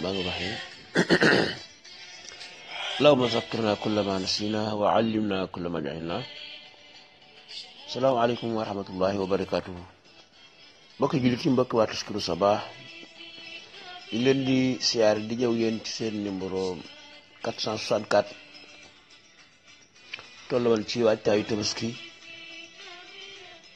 الرحمن الرحيم اللهم ذكرنا كل na نسينا وعلمنا كل ما جهلنا السلام عليكم ورحمة الله وبركاته mbokk jullit yi mbokk waa Taskiru Sabah di leen di siyaare di ñëw yéen ci seen numéro 464 tolloon ci waajtaayu tabaski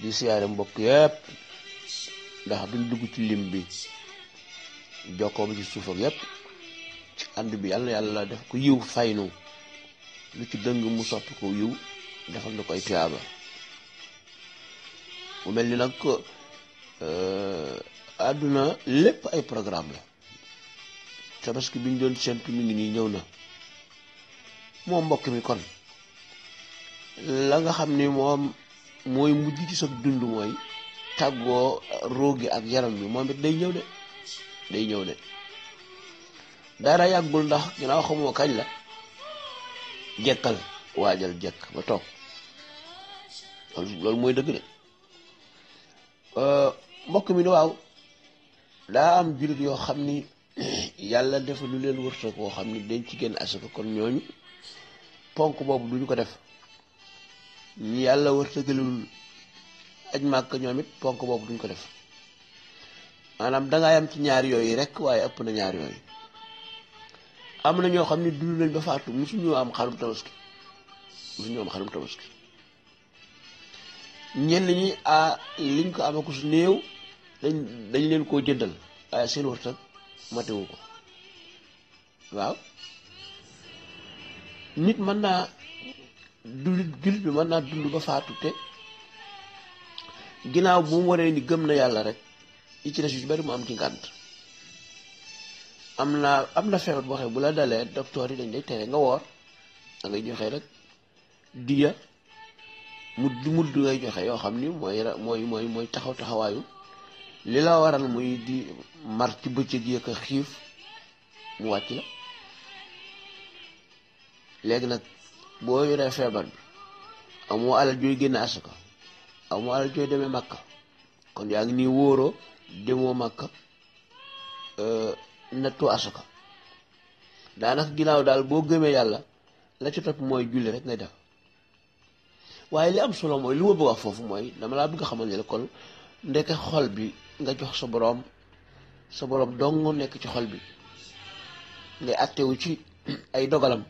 di siyaare mbokk yëpp ndax duñ dugg ci lim bi jokkoo bi ci suuf ak yépp ci ànd bi yàlla yàlla def ko yiw faynu lu ci dëng mu soppi ko yiw defal na ko ay tuyaaba mu mel ni nag euh, àdduna lépp ay programme la tabaski bi ñu doon séntu mi ngi nii ñëw na moo mbokk mi kon la nga xam ni moom mooy mujj ci sa dund mooy tàggoo roogi ak yaram bi moom it day ñëw de day ñëw de dara yàggul ndax ginnaaw xamoo kañ la jekkal waajal jekk ba toog loolu mooy dëgg de euh, mbokk mi ni waaw daa am jullit yoo xam ni yàlla defa lu leen wërta koo xam ni dañ ci génn asaka kon ñooñu ponk boobu duñu ko def ñu yàlla wërta gëlul aj màkk ñoom it ponk boobu duñ ko def maanaam dangaa yam ci ñaar yooyu rek waaye ëpp na ñaar yooyu am na ñoo xam ne dund nañ musuñu am xarum tabaski musuñu am xarum liñ ko amaku su néew dañ leen koo jëndal waaye ko waaw mën naa dund bi mën naa dund ba faatu te ginnaaw bu waree ni gëm na yàlla rek yi ci des yu ci bari mu am ci ngànt am na am na feebar boo xam bu la dalee docteur yi dañ lay tere nga woor da ngay joxee rek diya mudd mudd ngay joxe yoo xam ni mooy mooy mooy taxaw taxawaayu li la waral muy di mar ci bëccëg yëkk xiif mu wàcc la léegi nag boo yoree feebar bi amoo alal jooy génn asaka amoo alal jooy demee makka kon yaa ngi nii wóoroo demoo Makka euh, nattoo asaka daanaka ginnaaw daal boo gëmee yàlla la ci mooy julli rek ngay def waaye li am solo mooy li ma bëgg foofu mooy dama laa bëgg a xamal ne la kon ndeke xol bi nga jox sa boroom sa boroom dong nekk ci xol bi ngay àttewu ci ay dogalam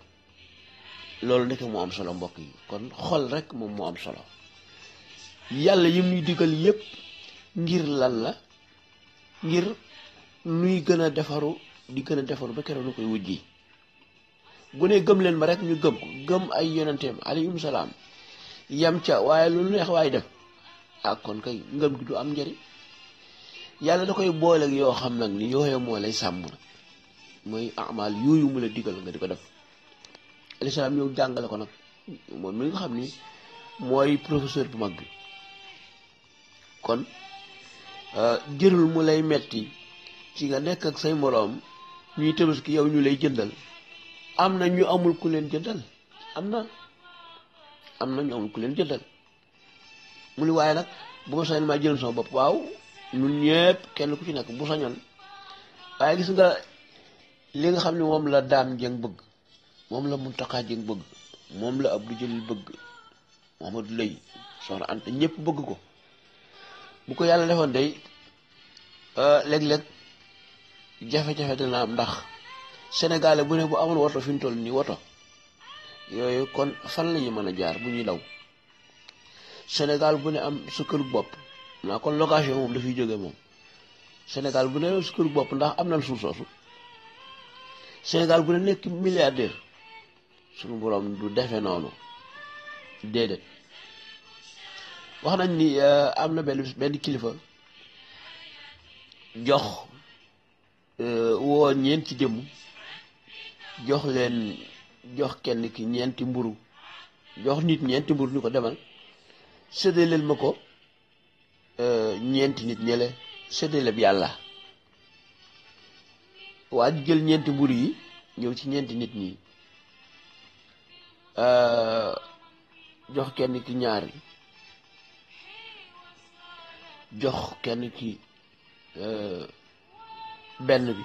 loolu ndeke moo am solo mbokk yi kon xol rek moom moo am solo yàlla yi muy digal yépp ngir lan la ngir nuy gën a defaru di gën a defaru ba keroog nu koy wujji bu ne gëm leen ma rek ñu gëm ko gëm ay yonenteem alayhim salaam yam ca waaye lu neex waaye def ak ah, kon kay ngëm gi du am njëriñ yàlla da koy booleeg yoo xam nag ni yooye moo lay sàmm mooy amal yooyu mu la digal nga di ko def alayhi salaam ñëw jàngale ko nag moom mi nga xam ni mooy professeur bu mag bi kon Euh, jërul mu lay metti ci nga nekk ak say moroom ñuy tabaski yow ñu lay jëndal am na ñu amul ku leen jëndal am na am na ñu amul ku leen jëndal mu ni waaye nag bu ma sañoon maa jëloon sama bopp waaw ñun kenn ku ci nekk bu waaye gis nga li nga xam ne moom la daam jëng bëgg moom la Muntaxa jëng bëgg la Abdou Jalil bëgg Mamadou Lay soxna ñëpp bëgg ko bu ko yàlla defoon day euh, léeg-léeg jafe-jafe dina am ndax sénégalais bu ne bu amul woto fi mu toll nii woto yooyu kon fan lañuy ñu mën a jaar bu ñuy daw sénégal bu ne am sa kër bopp naa kon location moom dafay jóge moom sénégal bu ne am sa kër bopp ndax am nañ suuf soosu sénégal bu ne nekk milliardaire suñu borom du defe noonu déedéet wax nañ ni euh, am na benn kilifa jox euh, woo ñeenti jëmm jox leen jox kenn ki ñeenti mburu jox nit ñeenti mburu ni ko demal séddaleel ma ko euh, ñeenti nit ñele séddale bi yàlla waa ji jël ñeenti mburu yi ñëw ci ñeenti nit ñi jox kenn ki ñaari jox kenn ci euh, benn bi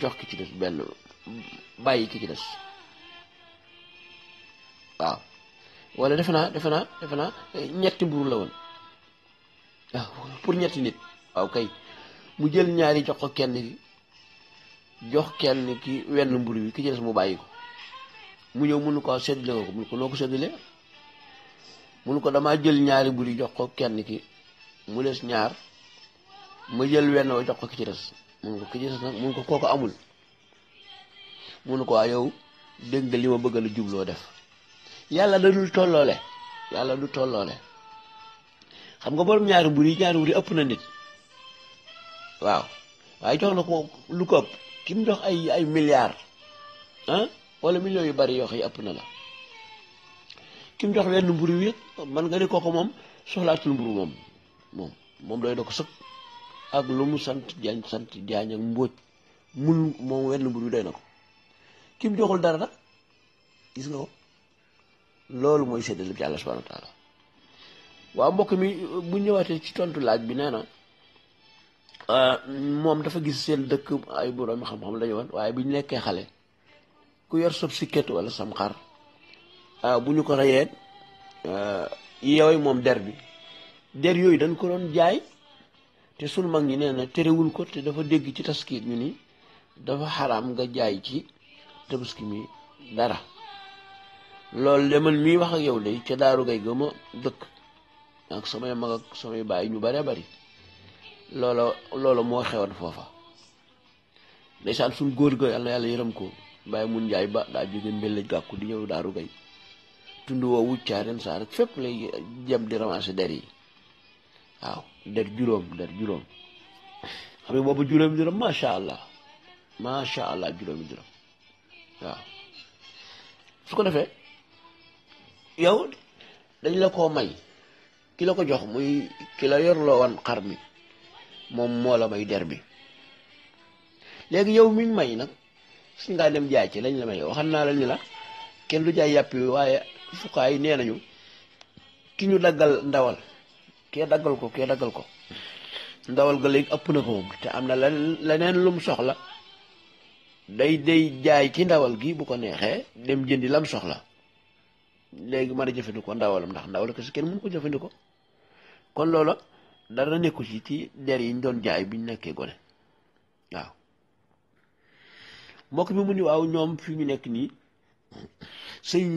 jox ki ci des benn bàyyi ki ci des waaw walla defe naa defe naa defe naa ñetti mburu la woon ah, pour ñetti nit waaw kay mu jël ñaari jox ko kenn ki jox kenn ki wenn mburu bi ki ci des mu bàyyi ko mu ñëw mënu ko séddale ko mënu ko noo ko séddale mu ne ko damaa jël ñaari buri jox ko kenn ki mu des ñaar ma jël wenn wa jox ko ki ci des mu ne ko ki ci des nag mu ko kooku amul mu ko ay yow dégg nga li ma bëgg la jubloo def yàlla da dul tolloole yàlla du tolloole xam nga borom ñaari buri ñaari buri ëpp na nit waaw waaye jox na ko lu ko ëpp ki mu jox ay ay milliards ah wala millions yu bari yoo xam ëpp na la ki mu jox wenn mburu wi man nga ni kooku moom soxlaatul mburu moom moom moom doy na ko sëkk ak lu mu sant jaañ sant jaañ ak mbóoj mun wenn mburu wi doy na ko ki joxul dara nag gis nga ko loolu mooy séddale bi yàlla subhanahu wa waa mbokk mi bu ñëwaatee ci tontu laaj bi nee na euh, moom dafa gis seen dëkk ay boroomi xam-xam la ñu woon waaye bu ñu nekkee xale ku yor sob si ket wala sam xar Euh, bu ñu ko reyee euh, yooyu moom der bi der yooyu dañ ko doon jaay te sunu mag ñi nee na terewul ko te dafa dégg ci taskiit ñu nii dafa xaram nga jaay ci tabaski mi dara loolu de man mii wax ak yow de ca daaru gay gëma dëkk ak samay mag ak samay baay ñu bare bari loolo loola moo xewoon foofa ndeysaan suñ góor ga yàlla yàlla yërëm ko bàyyi mun jaay ba daa jóge mbellaj gàkku di ñëw daaru gay tund woowu caarin saar ak fépp lay jëm di ramasser der yi waaw der juróom der juróom xam nga boobu juróomi allah macha allah juróomi dërëm waaw su ko defee yow dañ la ko may ki la ko jox muy ki la yorloo woon xar mi moom moo la may der bi léegi yow miñ may nag su ngaa dem jaay ci lañ la may waxal naa la la kenn du jaay yàpp waaye fuqaa yi nee nañu ki ñu daggal ndawal kee daggal ko kee daggal ko ndawal ga léegi ëpp na ko moom te am na la leneen lum soxla day day jaay ci ndawal gi bu ko neexee dem jëndi lam soxla léegi mën a jëfandikoo ndawalam ndax ndawal ko si kenn mënu ko jëfandikoo kon loola dara nekku ci ci der yi ñu doon jaay bi ñu nekkee gone waaw mbokk bi mu ni waaw ñoom fi ñu nekk nii sëñ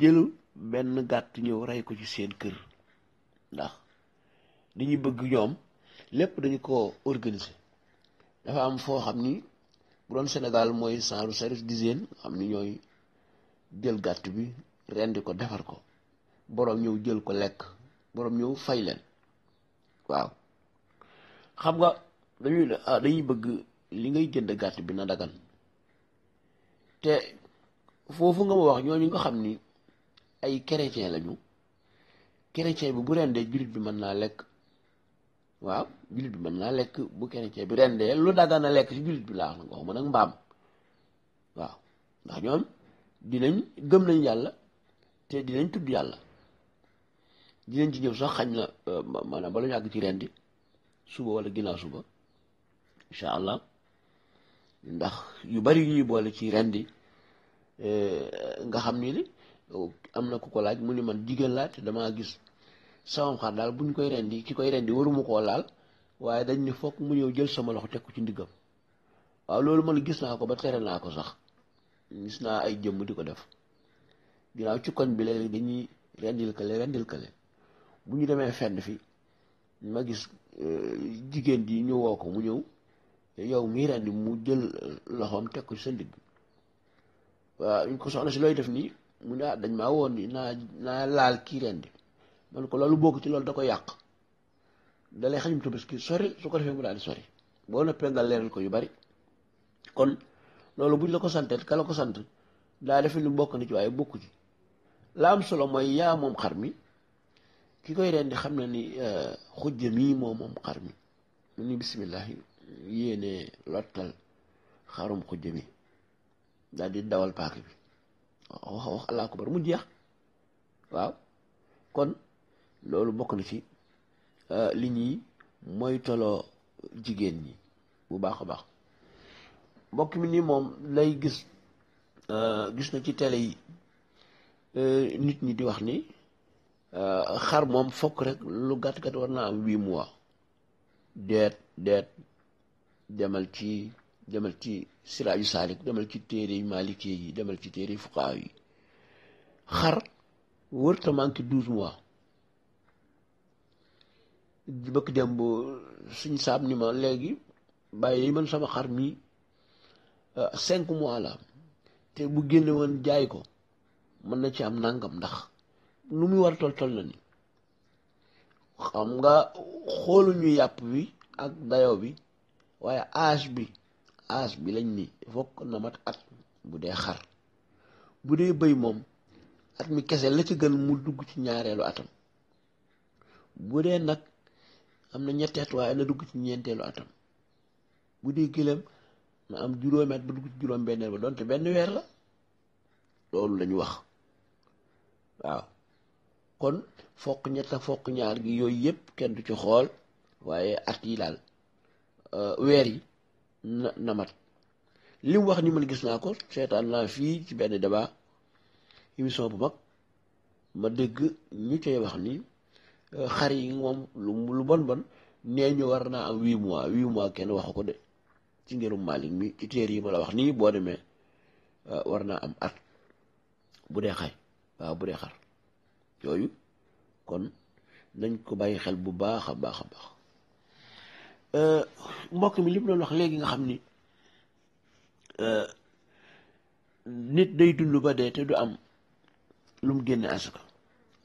jël benn gàtt ñëw rey ko ci seen kër ndax li ñu bëgg ñoom lépp dañu ko organiser dafa am foo xam ni bu doon Sénégal mooy saaru service d'hygiène xam ni ñooy jël gàtt bi rendi ko defar ko boroom ñëw jël ko lekk boroom ñëw fay leen waaw xam nga dañu ah, dañuy bëgg li ngay jënd gàtt bi na dagan te foofu nga ma wax ñoo ñooñu nga xam ni ay chrétien lañu chrétien bi bu rendee jullit bi mën naa lekk waaw jullit bi mën naa lekk bu chrétien bi rendee lu daggana lekk ci jullit bi laax na nga waxuma nag mbaam waaw ndax ñoom dinañ gëm nañ yàlla te dinañ tudd yàlla dinañ ci ñëw sax xañ na euh, maanaam bala ñu àgg ci rendi suba wala ginnaaw suba incha allah ndax yu bari yu ñuy boole ci rendi Euh, nga xam ni li am na ku ko laaj mu ni man jigéen laa te damaa gis samam xar daal buñ koy rendi ki koy rendi waruma koo laal waaye dañ ni foog mu ñëw jël sama loxo teg ci ndiggam waaw loolu man gis naa ko ba tere naa ko sax gis naa ay jëmm di ko def ginnaaw ci koñ bi léeg-léeg dañuy rendil kale rendil kale bu ñu demee fenn fi ma gis euh, jigéen ji ñëwoo ko mu ñëw yow mii rendi mu jël loxoom teg ci sa ndigg waaw ñu ko soxna si looy def nii mu ne ah dañ ma woon ni naa naa laal kii ren di man ko loolu bokk ci loolu da ko yàq da lay xañum tabaski sori su ko defee mu daal di sori boo noppee nga leeral ko yu bari kon loolu buñ la ko santee ka la ko sant daa defe lu bokk na ci waaye bokku la am solo mooy yaa moom xar mi ki koy rendi xam na ni euh, xujja mii moo moom xar mi mu ni bisimilah yéene lottal xarum xujja mi daal di dawal paaka bi wax wax allah akbar mu jeex waaw kon loolu bokk na fi euh, li ñuy mooy toloo jigéen ñi bu baax a baax mbokk mi nii moom lay gis euh, gis na ci télé yi euh, nit ñi di wax ni xar moom fokk rek lu gàtt-gàtt war naa am huit mois deet deet demal ci demal ci siraaju salik demal ci téere yi maalikee yi demal ci téere yi fuqaaw yi xar wërta manqué douze mois bëkk dem bo suñ saab ni ma léegi bàyyi man sama xar mi euh, cinq mois la te bu génne woon jaay ko mën na ci am nangam ndax nu muy war tol tol na ni xam nga xooluñu yàpp bi ak dayo bi waaye âge bi âge bi lañ ni fokk na mat at bu dee xar bu dee bëy moom at mi kese la ci gën mu dugg ci ñaareelu atam bu dee nag am na ñetti at waaye na dugg ci ñeenteelu atam bu dee gëléem na am juróomi at ba dugg ci juróom benneel ba donte benn weer la loolu lañu wax waaw kon fokk ñett ak fokk ñaar gi yooyu yépp kenn du ci xool waaye at yi daal euh, weer yi na na mat wax ni man gis naa ko seetaan naa fii ci benn débat émission bu mag ma dëgg ñu cay wax ni euh, xar yi moom lu bon bon nee ñu war naa am wi mois huit mois kenn waxu ko de ci ngirum Malick mi ci téere yi ma la wax nii boo demee euh, war naa am at bu dee xay waaw bu dee xar yooyu kon nañ ko bàyyi xel bu baax a baax a baax Euh, mbokk mi li mu doon wax léegi nga xam ni euh, nit day dund ba dee te du am lu mu génne asaka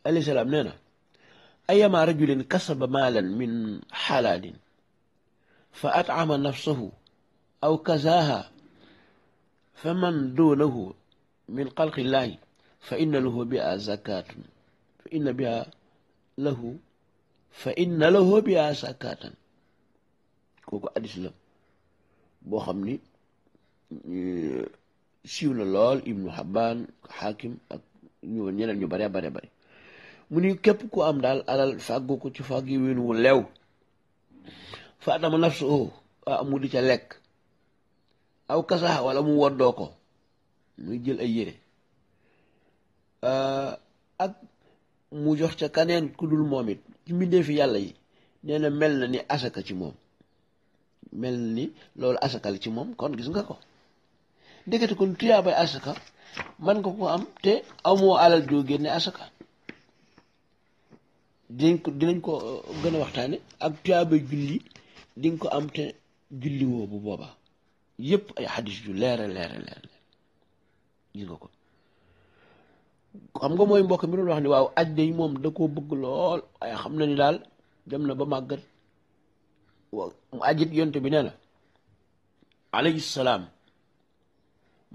alayhi salaam nee na ayama rajulin kasaba maalan min xalaalin fa atcama nafsahu aw kazaaha fa man duunahu min xalqillaahi fa inna lahu biha zakatun fa inna biha lahu fa inna lahu biha zakatan kooku hadis la boo xam ni siiw na lool ibnu Habbaan Hakim ak ñu ñeneen ñu bare bare bare mu ni képp ku am daal alal fàggu ko ci fàgg yi wén wu leew fa atama nafsu ah mu di ca lekk aw kasax wala mu woddoo ko muy jël ay yére ak mu jox ca kaneen ku dul moom it ci mbindee fi yàlla yi nee na mel na ni asaka ci moom mel ni loolu asaka ci moom kon gis nga ko ndekete kon tuyaabay asaka man nga ko am te amoo alal joo génne asaka dinañ ko dinañ uh, gën a waxtaane ak tuyaabay julli di ko am te julli woo bu booba yépp ay xadis yu leere leere leer gis nga ko xam nga mooy mbokk mi doon wax ni waaw aj day moom da ko bëgg lool waaye xam na ni daal dem na ba màggat ajit yonte bi nee alayhi salaam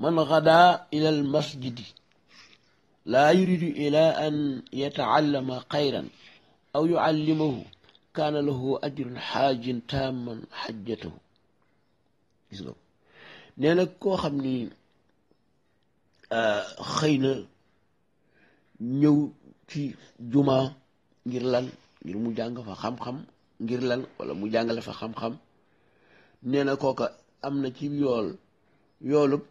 man gadaa ila al masjidi laa yuridu ila an yataallama xayran aw yuallimahu kaana lahu ajrun xaajin taamman xajjatahu gis nga nee koo xam ni euh, xëy na ñëw ci juma ngir lan ngir mu jàng fa xam-xam ngir lan wala mu jàngale fa xam-xam nee na kooka am na ci yool yoolub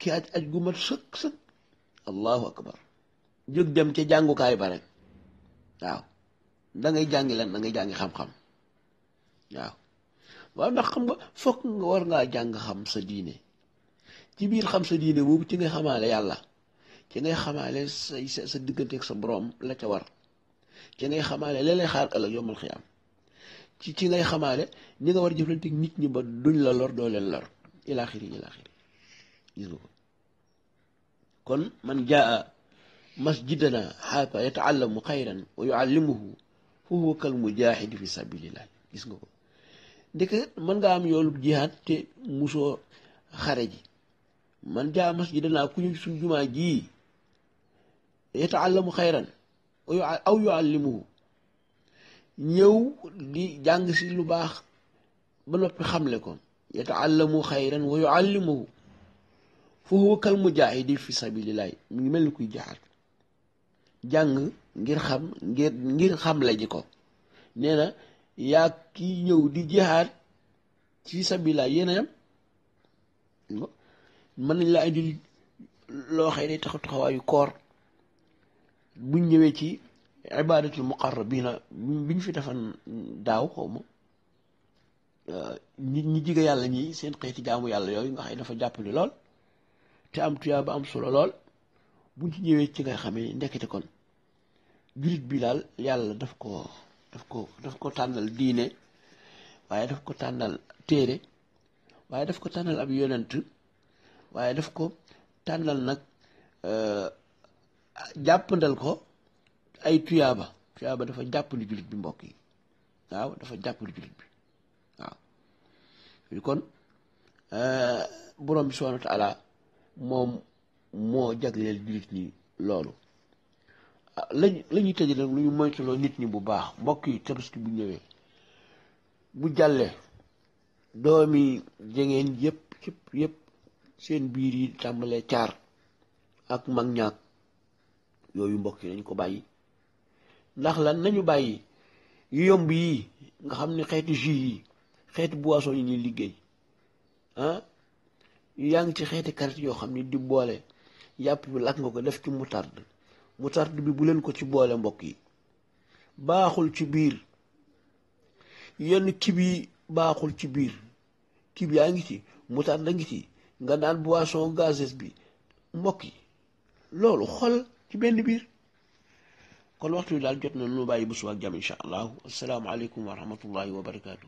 ki aj aj gu mat sëkk sëkk allahu akbar jóg dem ca jàngukaay ba rek waaw dangay ngay jàngi lan da ngay jàngi xam-xam waaw waaw ndax xam nga fokk nga war ngaa jàng xam sa diine ci biir xam sa diine boobu ci ngay xamaale yàlla ci ngay xamaale sa digganteek sa boroom la ca war ci ngay xamaale la lay xaar ëllëg yombal xiyaam ci ci lay xamaale ñi nga war a jëflante nit ñi ba duñ la lor doo leen lor ilaaxiri ilaaxiri gis nga ko kon man jaa masjidana xaata yataallamu xayran wa yuallimuhu fa huwa kal mujahidi fi sabilillah gis nga ko ndeke mën nga am yoolu jihaad te musoo xare ji man jaa masjidanaa ku ñu suñ jumaa jii yataallamu xayran aw yuallimuhu ñëw di jàng si lu baax ba noppi xamle ko yataallamu xayran wa yuallimuhu fa huwa kal mujahidi fi sabilillahi mi ngi mel ni kuy jaxat jàng ngir xam ngir ngir xamle ko nee na yaa kii ñëw di jihaat ci sabilillahi yéen a mën nañ laa indi loo xëy day taxaw taxawaayu koor buñ ñëwee ci ibadatul muqarrabina biñ fi defan daaw xaw ma ñi ñi jige yàlla ñi seen xeeti jaamu yàlla yooyu nga xëy dafa jàppale lool te am tuyaa ba am solo lool buñ ci ñëwee ci ngay xamee ndekkete kon jurit bi daal yàlla daf ko daf ko daf ko tànnal diine waaye daf ko tànnal téere waaye daf ko tànnal ab yonent waaye daf ko tànnal nag euh, jàppandal ko ay tuyaaba tuyaaba dafa jàppali jullit bi mbokk yi waaw dafa jàppali jullit bi waaw kon euh, borom bi subhanahu wa taala moom moo jagleel jullit ñi loolu ah, lañ la ñuy tëj nag lu ñu moytuloo nit ñi bu baax mbokk yi tabaski bu ñëwee bu jàllee doomi jegeen yëpp yëpp yëpp seen biir yi tàmbalee caar ak mag ñaak yooyu mbokk yi nañ ko bàyyi ndax lan nañu bàyyi yomb yii nga xam ni xeetu jus yi xeetu boisson yi ñuy liggéey ah yaa ngi ci xeeti carte yoo xam ni di boole yàpp bi lakk nga ko def ci moutarde moutarde bi bu leen ko ci boole mbokk yi baaxul ci biir yenn kib yi baaxul ci biir kib yaa ngi ci moutarde ngi ci nga daan boisson gazeuse bi mbokk yi loolu xol ci benn biir kon waxtu wi daal jot na nu bàyyi bu suba ak jàmm incha allahu asalaamaaleykum wa rahmatullahi wa barakaatu.